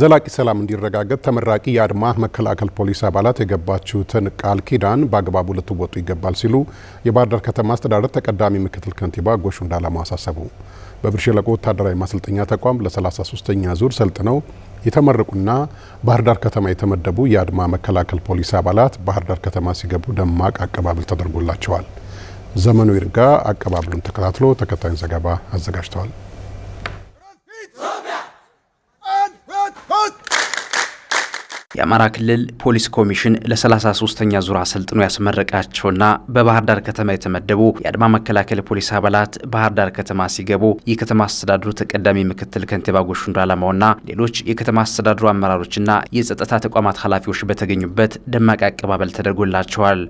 ዘላቂ ሰላም እንዲረጋገጥ ተመራቂ የአድማ መከላከል ፖሊስ አባላት የገባችሁትን ቃል ኪዳን በአግባቡ ልትወጡ ይገባል ሲሉ የባህር ዳር ከተማ አስተዳደር ተቀዳሚ ምክትል ከንቲባ ጎሹ እንዳላማው አሳሰቡ። በብር ሸለቆ ወታደራዊ ማሰልጠኛ ተቋም ለ33ኛ ዙር ሰልጥነው የተመረቁና ባህርዳር ዳር ከተማ የተመደቡ የአድማ መከላከል ፖሊስ አባላት ባህርዳር ዳር ከተማ ሲገቡ ደማቅ አቀባበል ተደርጎላቸዋል። ዘመኑ ይርጋ አቀባበሉን ተከታትሎ ተከታዩን ዘገባ አዘጋጅተዋል። የአማራ ክልል ፖሊስ ኮሚሽን ለ33ኛ ዙር አሰልጥኖ ያስመረቃቸውና በባህር ዳር ከተማ የተመደቡ የአድማ መከላከል ፖሊስ አባላት ባህር ዳር ከተማ ሲገቡ የከተማ አስተዳድሩ ተቀዳሚ ምክትል ከንቲባ ጎሹ እንዳላማውና ሌሎች የከተማ አስተዳድሩ አመራሮችና የጸጥታ ተቋማት ኃላፊዎች በተገኙበት ደማቅ አቀባበል ተደርጎላቸዋል።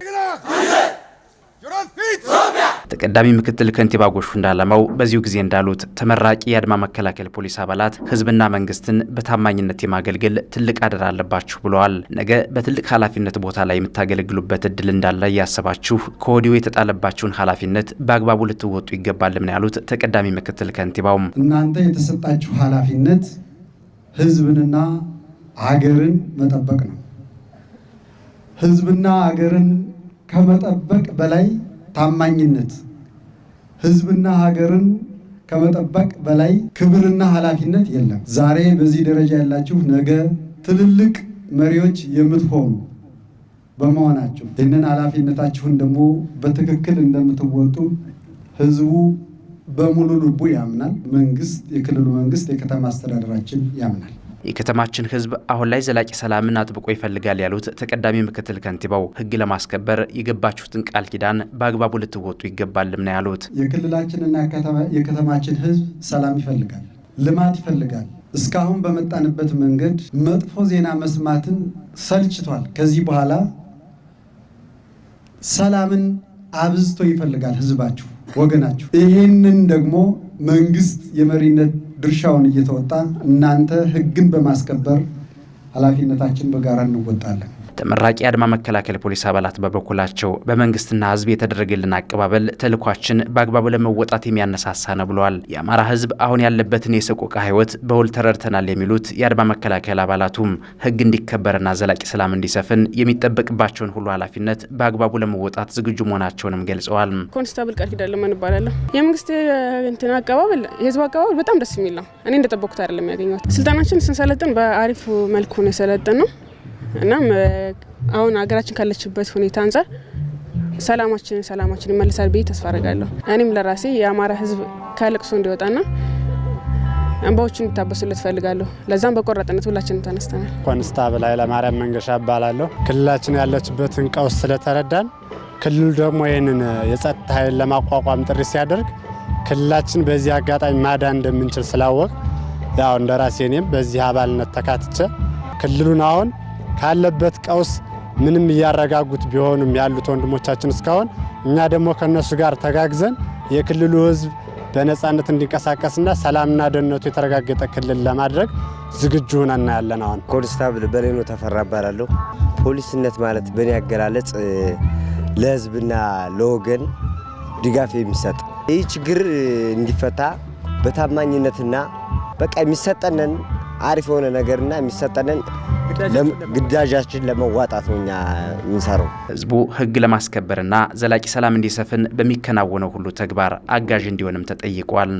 ተቀዳሚ ምክትል ከንቲባ ጎሹ እንዳላማው በዚሁ ጊዜ እንዳሉት ተመራቂ የአድማ መከላከል ፖሊስ አባላት ህዝብና መንግስትን በታማኝነት የማገልገል ትልቅ አደራ አለባችሁ ብለዋል። ነገ በትልቅ ኃላፊነት ቦታ ላይ የምታገለግሉበት እድል እንዳለ እያሰባችሁ ከወዲሁ የተጣለባችሁን ኃላፊነት በአግባቡ ልትወጡ ይገባልም ነው ያሉት ተቀዳሚ ምክትል ከንቲባውም እናንተ የተሰጣችሁ ኃላፊነት ህዝብንና ሀገርን መጠበቅ ነው። ህዝብና ሀገርን ከመጠበቅ በላይ ታማኝነት ህዝብና ሀገርን ከመጠበቅ በላይ ክብርና ኃላፊነት የለም። ዛሬ በዚህ ደረጃ ያላችሁ ነገ ትልልቅ መሪዎች የምትሆኑ በመሆናችሁ ይህንን ኃላፊነታችሁን ደግሞ በትክክል እንደምትወጡ ህዝቡ በሙሉ ልቡ ያምናል። መንግስት፣ የክልሉ መንግስት፣ የከተማ አስተዳደራችን ያምናል። የከተማችን ህዝብ አሁን ላይ ዘላቂ ሰላምን አጥብቆ ይፈልጋል ያሉት ተቀዳሚ ምክትል ከንቲባው ህግ ለማስከበር የገባችሁትን ቃል ኪዳን በአግባቡ ልትወጡ ይገባልም ነው ያሉት። የክልላችንና የከተማችን ህዝብ ሰላም ይፈልጋል፣ ልማት ይፈልጋል። እስካሁን በመጣንበት መንገድ መጥፎ ዜና መስማትን ሰልችቷል። ከዚህ በኋላ ሰላምን አብዝቶ ይፈልጋል ህዝባችሁ፣ ወገናችሁ። ይህንን ደግሞ መንግስት የመሪነት ድርሻውን እየተወጣ እናንተ ህግን በማስከበር ኃላፊነታችን በጋራ እንወጣለን። ተመራቂ የአድማ መከላከል ፖሊስ አባላት በበኩላቸው በመንግስትና ህዝብ የተደረገልን አቀባበል ተልኳችን በአግባቡ ለመወጣት የሚያነሳሳ ነው ብለዋል። የአማራ ህዝብ አሁን ያለበትን የሰቆቃ ህይወት በውል ተረድተናል የሚሉት የአድማ መከላከል አባላቱም ህግ እንዲከበርና ዘላቂ ሰላም እንዲሰፍን የሚጠበቅባቸውን ሁሉ ኃላፊነት በአግባቡ ለመወጣት ዝግጁ መሆናቸውንም ገልጸዋል። ኮንስታብል ቃል ኪዳለም እባላለሁ። የመንግስት እንትን አቀባበል የህዝቡ አቀባበል በጣም ደስ የሚል ነው። እኔ እንደጠበኩት አይደለም ያገኘሁት። ስልጠናችን ስንሰለጥን በአሪፍ መልኩ ነው የሰለጥን ነው እናም አሁን ሀገራችን ካለችበት ሁኔታ አንጻር ሰላማችን ሰላማችን ይመልሳል ብዬ ተስፋ አረጋለሁ። እኔም ለራሴ የአማራ ህዝብ ከለቅሶ እንዲወጣና እንባዎቹ እንዲታበሱለት ፈልጋለሁ። ለዛም በቆራጥነት ሁላችንም ተነስተናል። በላይ ለማርያም መንገሻ እባላለሁ። ክልላችን ያለችበትን ቀውስ ስለተረዳን ክልሉ ደግሞ ይህንን የጸጥታ ኃይል ለማቋቋም ጥሪ ሲያደርግ ክልላችን በዚህ አጋጣሚ ማዳን እንደምንችል ስላወቅ ያው እንደ ራሴ እኔም በዚህ አባልነት ተካትቼ ክልሉን አሁን ካለበት ቀውስ ምንም እያረጋጉት ቢሆኑም ያሉት ወንድሞቻችን እስካሁን እኛ ደግሞ ከነሱ ጋር ተጋግዘን የክልሉ ህዝብ በነጻነት እንዲንቀሳቀስና ሰላምና ደህንነቱ የተረጋገጠ ክልል ለማድረግ ዝግጁ ሆነን እናያለን። አሁን ኮንስታብል በሌኖ ተፈራ እባላለሁ። ፖሊስነት ማለት በእኔ አገላለጽ ለህዝብና ለወገን ድጋፍ የሚሰጥ ይህ ችግር እንዲፈታ በታማኝነትና በቃ የሚሰጠንን አሪፍ የሆነ ነገርና የሚሰጠንን ግዳጃችን ለመዋጣት ነው እኛ የምንሰራው። ህዝቡ ህግ ለማስከበርና ዘላቂ ሰላም እንዲሰፍን በሚከናወነው ሁሉ ተግባር አጋዥ እንዲሆንም ተጠይቋል።